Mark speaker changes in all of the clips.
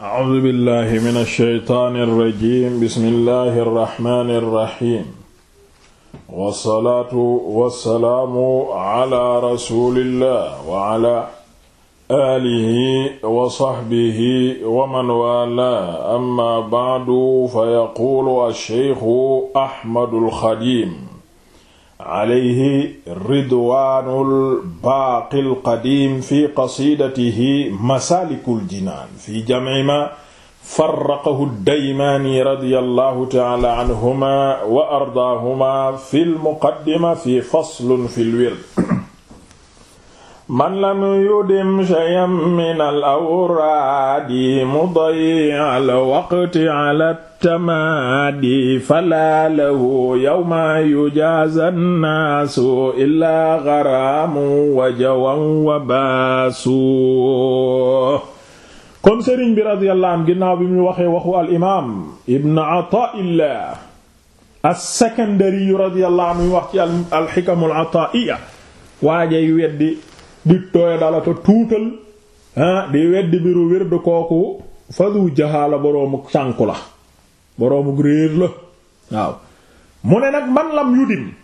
Speaker 1: A'uuzu billaahi mina shaytaani rajiim bismillaahi rahmaani rahiim. Wassalaatu wassalaamu ala rasuulillaah wa ala aalihi wa sahbihi wa man waalaahu, ammaa ba'du, fa yaquulu ash-shaykhu Ahmadul Xadiim alayhi ridwaanul baaqil qadiim fi qasiidatihi masaalikul jinaan fi jam'i maa farraqahu daymaani radiyallahu ta'aala anhumaa wa ardaahumaa fil muqaddima fi faslun fil wird man lam yudim shay'an min al awraadi mudayyi'al waqti ala tamaadi fala lahu kon sëriñ bi radiyallahu anhu ginnaaw bi mu waxee waxu al imaam ibn Ataa'illah as-Sakandari radiyallahu anhu wax ci al-Hikam al-Ataa'iyya waajay weddi di dala ko tuutal ah di weddi biru wirdu kooku fadu jahaala boroomu sànku la boroomu réer la waaw mu ne nag man lam yu dim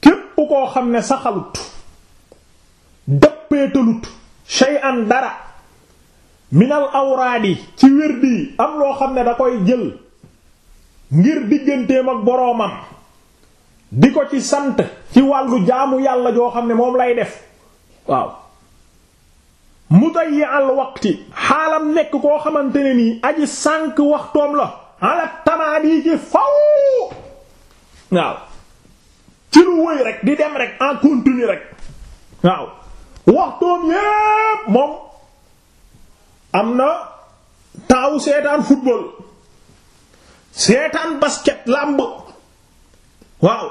Speaker 1: képp koo xam ne saxalut dappeetalut shay'an dara minal awraadi ci wérdi yi am loo xam ne da koy jël ngir digganteem ak boroomam di ko ci sant ci wàllu jaamu yàlla joo xam ne moom lay def waaw mutayyi al waqti xaalam nekk koo xamante ne nii aji sànq waxtoom la ala tamaadi ci faw waaw ci lu wëy rek di dem rek en continu rek waaw waxtoom yépp moom am na taaw seetaan football seetaan basket làmb waaw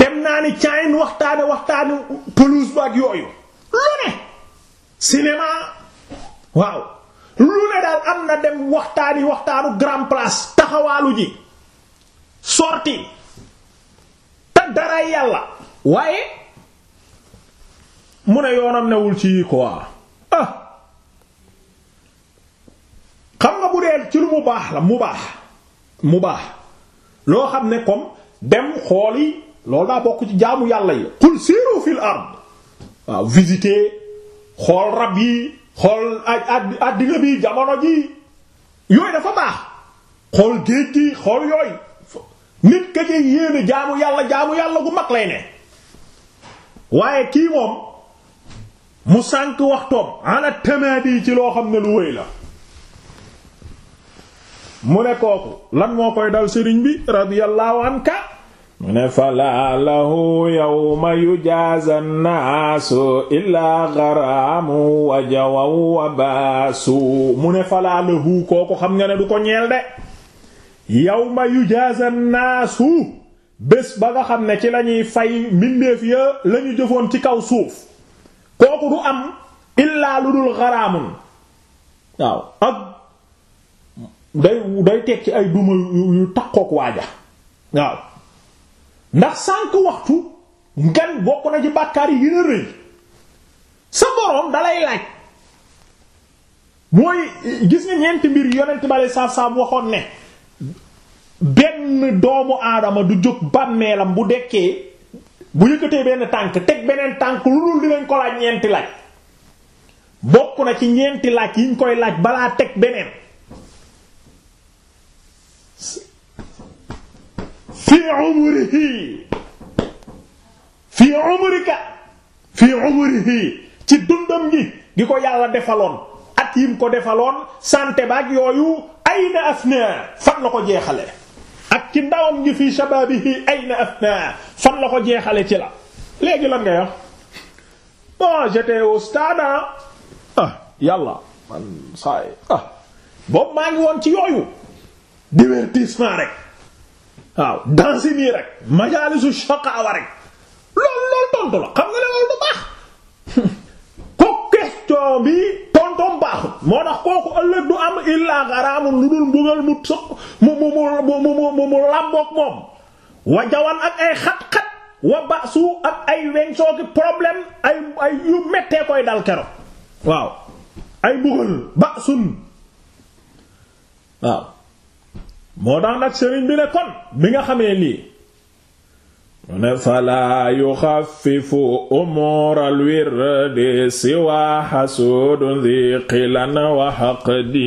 Speaker 1: dem naa ni caayin waxtaane waxtaane pelouse yooyu lu ne cinéma waaw lu ne daal am na dem waxtaani waxtaanu grand place taxawaalu ji sorti te dara yàlla waaye mu ne yoonam newul ci yi quoi ah xam nga bu dee ci lu mu baax la mu baax mu baax loo xam ne comme dem xool yi loolu daa bokk ci jaamu yàlla yi qul siiru fil ard waaw visiter xool rab yi xool àddina bi jamono ji yooyu dafa baax xool géej gi xool yooyu nit ka ci yéene jaamu yàlla jaamu yàlla gu mag lay ne waaye kii moom mu sànk waxtoom ana tamaadi ci loo xam ne lu wéy la mu ne kooku lan moo koy dal sëriñ bi radiyallahu anka mu ne falaa lahu yawma yujaaza naasu illaa garaamu wa jawaw mu ne falaa kooku xam nga ne du ko ñeel de yawma yujaaza naasu bés ba nga xam ne ci lañuy fay mbindeef ya lañu jëfoon ci kaw suuf kooku du am illaa lu dul garaamun waaw ak day day tekki ay duma yu takkook waaja waaw ndax sànq waxtu ngan bokk na ci bàkkaar yi gën a rëy sa boroom dalay laaj mooy gis nga ñeenti mbir yonent bale saab-saab waxoon ne benn doomu aadama du jóg bàmmeelam bu dekkee bu yëkkatee benn tànk teg beneen tànk lu dul dinañ ko laaj ñeenti laaj bokk na ci ñeenti laaj yiñ koy laaj balaa teg beneen fi umrihi fi umrika fi umrihi ci dundam gi gi ko yàlla defaloon at yim ko defaloon santé baak yooyu ayna afna fan la ko jeexale ak ci ndawam gi fi shababihi ayna afna fan la ko jeexale ci la léegi lan ngay wax bon ah. Ah, yàlla man ah. boobu maa ngi woon ci yooyu divertissement rek waaw danse nii rek majaalisu shaqaawa rek loolu loolu tontu la xam nga ne loolu du baax ko question bi tontoom baaxul moo tax kooku ëllëg du am illaa xaraamun lu dul mbugal mu sëq mu mu mu mu mu làmboog moom wa jawan ak ay mettee koy dal kero waaw ay mbugal baasun waaw moo tax nag sëriñ bi ne kon bi nga xamee lii mu ne falaa yuxaffifu umuural wirdi siwaa xasuudun di xilan wa xaqdi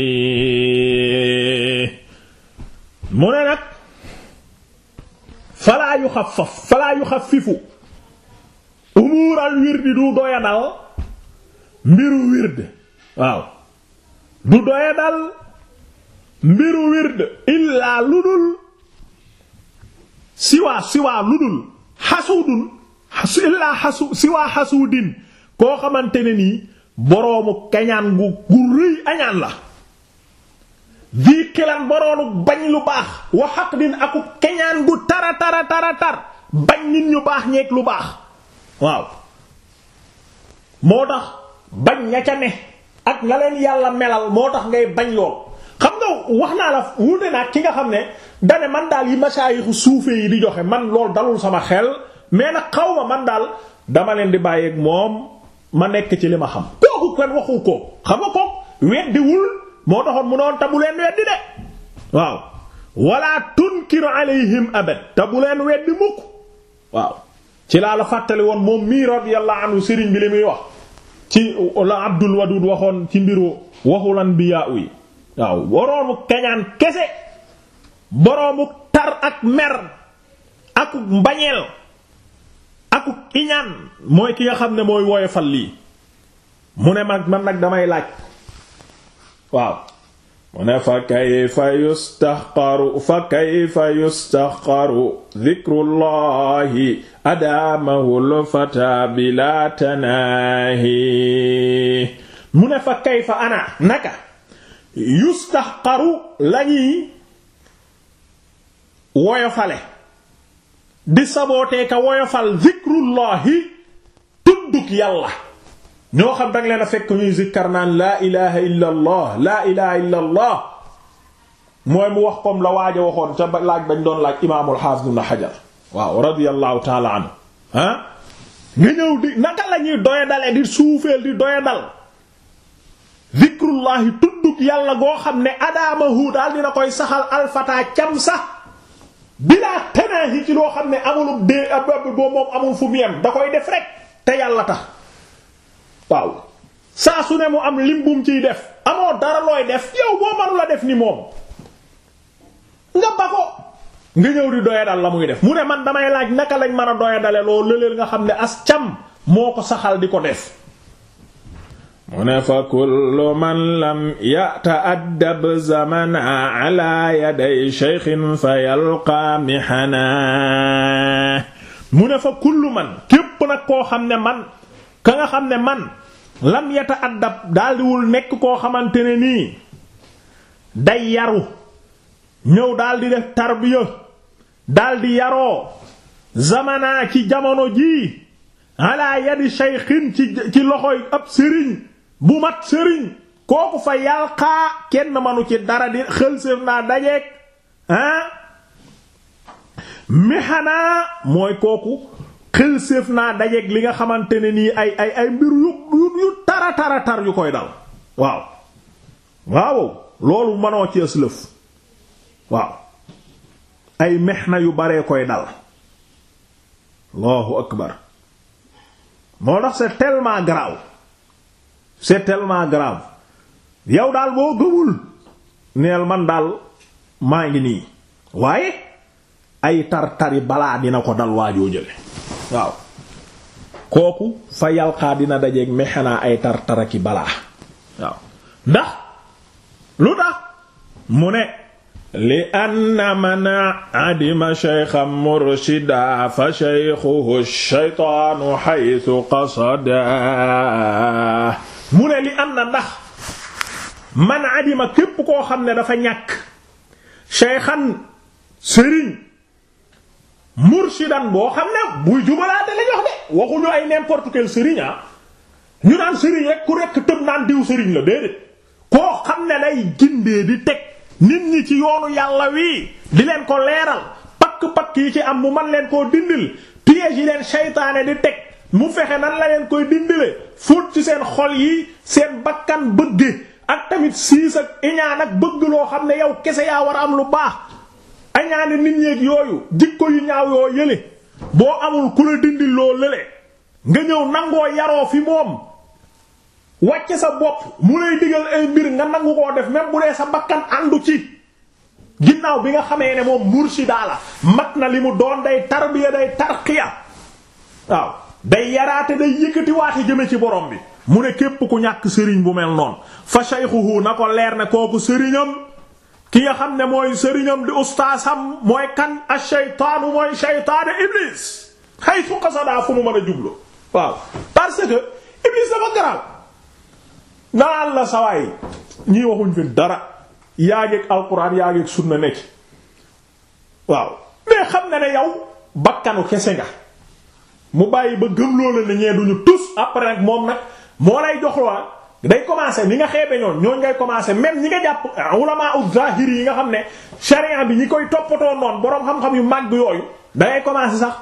Speaker 1: mu ne nag falaa yuxaffaf falaa yuxaffifu umuural wirdi du doya dal mbiru wird waaw du doya dal mbiru wird illaa lu dul siwaa siwaa lu dul xasuudun illaa xasu siwaa xasuudin koo xamante ne nii boroomu kañaan gu rëy añaan la dii kilan boroomu bañ lu baax wa xaqdin aku keñaan gu tara tara tara tar bañ nit ñu baax ñeeg lu baax waaw moo tax bañ ña ca ne ak la leen yàlla melal moo tax ngay bañ lool xam nga wax naa la wuute naa ki nga xam ne dane man daal yi masaayixu suufe yi di joxe man loolu dalul sama xel mais nag xaw ma man daal dama leen di bàyyeeg moom ma nekk ci li ma xam kooku kenn waxu ko xam nga ko weddiwul moo taxoon mu noon te bu leen weddi de waaw wala tunkir alayhim abad te bu leen weddi mukk waaw ci laa la fàttali woon moom mii radiyallahu anhu sëriñ bi li muy wax ci la Abdul Wadud waxoon ci mbiru waxul anbiyaa yi waaw boroomu kañaan kese boroomu tar ak mer akuk mbañeel akuk iñaan mooy ki nga xam ne mooy woyofal lii mu ne man nag damay laaj waaw mu ne fa kayfa yustahqaru fa adamahul fata bila tanahi mu ne fa kayfa ana naka yustaxqaru lañuy woyofale di sabootee ka woyofal zikrullahi tudduk yàlla ñoo xam danga leen a fekk ñuy zikkar naan laa ilaha illa allah laa ilaha illa allah mooy mu wax comme la waaj a waxoon ca laaj bañ doon laaj imaamul xaafis ibn xajar waaw radiyallahu taala anhu ah nga ñëw di naka la ñuy doya dale di suufeel di doya dal zikrullahi tudd tuub yàlla goo xam ne adaamahu daal dina koy saxal alfataa cam sax bilaa tanaahi ci loo xam ne amul dee boo moom amul fu mu yem da koy def rek te yàlla tax waaw saa su ne mu am lim bum ciy def amoo dara looy def yow boo mënula def ni moom nga ba ko nga ñëw di doya dal la muy def mu ne man damay laaj naka lañ mën a doya dale loolu lëleel nga xam ne as cam moo ko saxal di ko def mu ne fa kullu man lam yata'addab zamana ala yaday shaykhin fa yalqa mihana mu ne fa kullu man képp nag koo xam ne man ka nga xam ne man lam yata'addab daldiwul nekk koo xamante ne nii day yaru ñëw daldi def tarbiya daldi yaroo zamana ci jamono jii ala yadi shaykhin ci ci loxoy ab sëriñ bu mat sëriñ kooku fa yàlqaa kenn manu ci dara di xëlséef naa dajeeg ah mixanaa mooy kooku xëlséef naa dajeeg li nga xamante ne nii ay ay ay mbir yu yu tara tara tar yu koy dal waaw waaw loolu manoo ci aslëf waaw ay mexna yu baree koy dal Allahu akbar moo tax c'est tellement grave c'est tellement grave yow daal boo gëmul neel man daal maa ngi nii waaye ay tar-tari balaa dina ko dal waajoo jële waaw kooku fa yalqaa dina dajeeg mexanaa ay tar-taraki balaa ndax lu tax mu ne li anna man adima shaykhan murshida fa shaykhuhu shaytaanu haythu qasada mu ne li am na ndax man adima képp koo xam ne dafa ñàkk shaykhan sëriñ murshidan boo xam ne buy jubalaate la jox de waxuñu ay n'importe quel sëriñ ah ñu naan sëriñ rek ku rekk tëb naan diw sëriñ la déedéet koo xam ne day gindee di teg nit ñi ci yoonu yàlla wii di leen ko leeral pakk pakk yi ci am mu man leen koo dindil piège yi leen seytaane di teg mu fexe nan la leen koy dindilee fóot ci seen xol yi seen bakkan bëgge ak tamit siis ak iñaan ak bëgg loo xam ne yow kese yaa war a am lu baax añaane nit ñeeg yooyu jikko yu ñaaw yoo yële boo amul ku la dindi loo lële nga ñëw nangoo yaroo fi moom wàcce sa bopp mu lay digal ay mbir nga nangu koo def même bu dee sa bakkan àndu ci ginnaaw bi nga xamee ne moom mursidaa la mat na li mu doon day tarbiya day tarqiya waaw day yaraate day yëkkati waate jëme ci borom bi mu ne képp ku ñàkk sëriñ bu mel noon fa shaykhuhu na ko leer ne kooku sëriñam ki nga xam ne mooy sëriñam di ustaasam mooy kan ash-shaytaanu mooy shaytaanu iblis haythu qasada fu mu mën a jublu waaw parce que iblis dafa garal naan la sawaay ñii waxuñ fi dara yaa ngeeg alquran yaa ngeeg sunna nekk waaw mais xam nga ne yow bakkanu kese nga mu bàyyi ba gëm loola ne ñee duñu tus après nag moom nag moo lay jox waa day commencer ni nga xeebe ñoon ñooñ ngay commencer même ñi nga jàpp ulama az-zahiri yi nga xam ne sharia bi ñi koy toppatoo noon boroom xam-xam yu màgg yooyu dangay commencer sax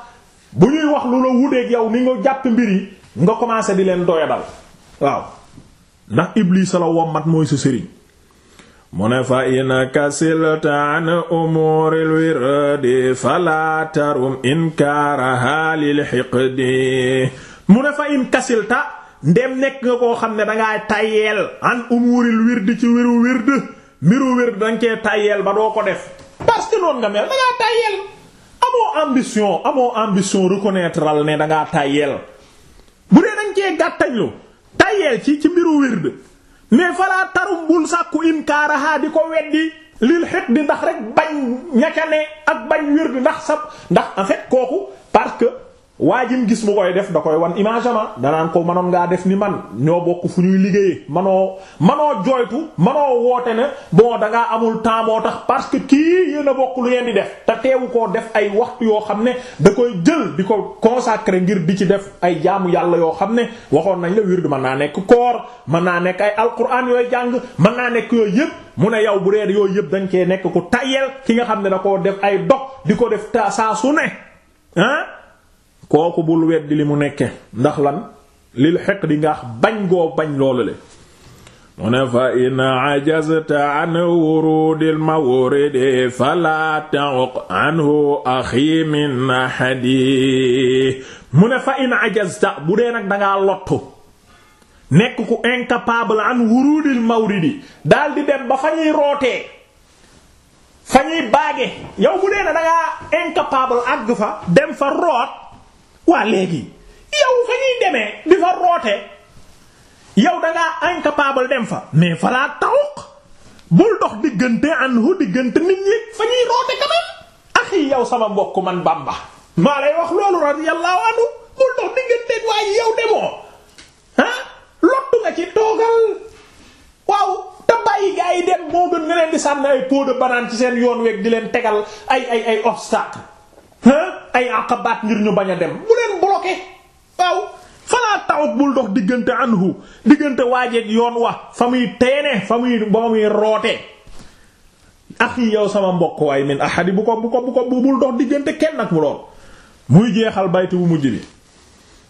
Speaker 1: bu ñuy wax lu la wuteek yow ni nga jàpp mbir yi nga commencer di leen doyadal waaw ndax Iblis la mat mooy sa sëriñ mu ne fa in kasilta an umuuril wirdi falaa tarum inkaaraha lil hiqdi mu ne fa in kasilta ndem nekk nga koo xam ne dangaa tayyeel an umuuril wirdi ci wiru wird mbiru wird danga cee tayyeel ba doo ko def parce que nga mel dangaa tayyeel amoo ambition amoo ambition reconnaîtreal ne dangaa tayyeel bu dee danga cee gàttañlu tayyeel ci ci mbiru wird mais falaa tarum bul sàkku inkaaraha di ko weddi lil xet di ndax rek bañ ñaca ak bañ wér di ndax sab ndax en fait kooku parce que waa jim gis mu koy def da koy wan image ah. danaan ko manoon ngaa def ni man ñoo bokk fu ñuy liggéeyee manoo manoo jooytu manoo woote ne bon dangaa amul temps moo tax parce que kii yéen a bokk lu ngeen di def te teewu koo def ay waxtu yoo xam ne da koy jël di ko consacrer ngir di ci def ay jaamu yàlla yoo xam ne waxoon nañ la wirdu mën naa nekk koor mën naa nekk ay alquran yooyu jàng mën naa nekk yooyu yëpp mu ne yow bu reer yooyu yëpp dañ cee nekk ko tayel ki nga xam ne da koo def ay dog di ko def saa su ne ah kooku bul weddi li mu nekke ndax lan lil xeq di ngaax bañ goo bañ loolu le mu ne fa in ajazta an wurudil mawridi fala ta'uq anhu axi min mu ne fa in ajazta bu dee nag dangaa lottu nekk ku incapable an wurudil mawridi daal di dem ba fa ñuy rootee fa ñuy baage yow bu dee na dangaa incapable àgg fa dem fa root waa léegi yow fa ñuy demee di fa roote yow da ngaa dem fa mais fa laa tawuq bul dox diggante anhu diggante nit ñi fa ñuy roote kanam axi yow sama mbokk man Bamba maa lay wax loolu radiyallahu anhu bul dox waaye yow demoo ah lottu nga ci toogal waaw te bàyyi gaa yi dem moo gën nga leen di sànni ay pot de ci seen yoon weeg di leen tegal ay ay ay obstacle ay aqabaat ngir ñu bañ a dem bu leen bloqué waaw falaa tawut bul dox diggante anhu diggante waajeeg yoon wa fa muy teene fa muy ba muy rootee axi yow sama mbokk waay min ahadi bu ko bu ko bu bul dox diggante kenn ak mu lool muy jeexal baytu bu mujj bi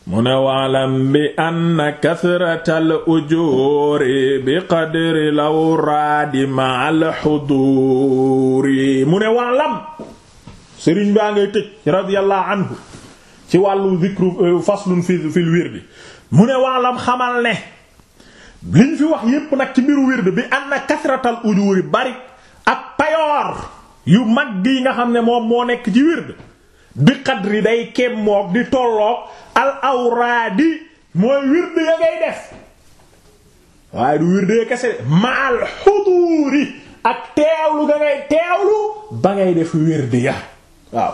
Speaker 1: mu ne waalam bi ann kasratal ujuuri bi qadri lawraadi ma al xuduuri mu ne waalam sëriñ baa ngay tëj radiyallahu anhu ci wàllu zikru euh, faslun fi fil wirdi mu ne waalam xamal ne liñ fi wax yépp nag ci mbiru wirdi bi anna kasratal ujuuri bari ak payoor yu mag yi nga xam ne moom moo nekk ci wird di qadri day kemmoog di tolloog al awraadi mooy wird ya ngay def waaye du wird ya kese maal xuduuri ak teewlu nga teewlu ba ngay def wird ya waaw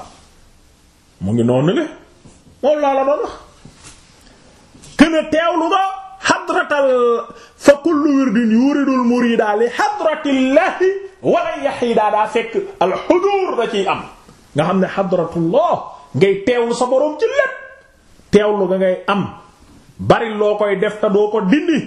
Speaker 1: mu ngi noonu le moom laa la doon wax kën a teewlu nga xadratal fa kullu wirdin yuridul murida li xadratillahi wala yaxiidaa daa fekk al xudur ciy am nga xam ne xadratullah ngay teewlu sa boroom ci lépp teewlu nga ngay am bari loo koy def te doo ko dindi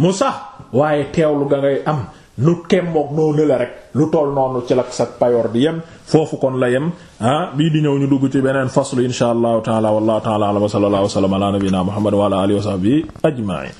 Speaker 1: mu sax waaye teewlu nga ngay am lu kemmoog noonu la rek lu toll noonu ci lak sak payoor di yem foofu kon la yem ah bii di ñëw ñu dugg ci beneen faslu insha allahu taala wallahu taala wa sallallahu wa sallam ala nabina muhammad wa ala alihi wa sahbihi ajma'in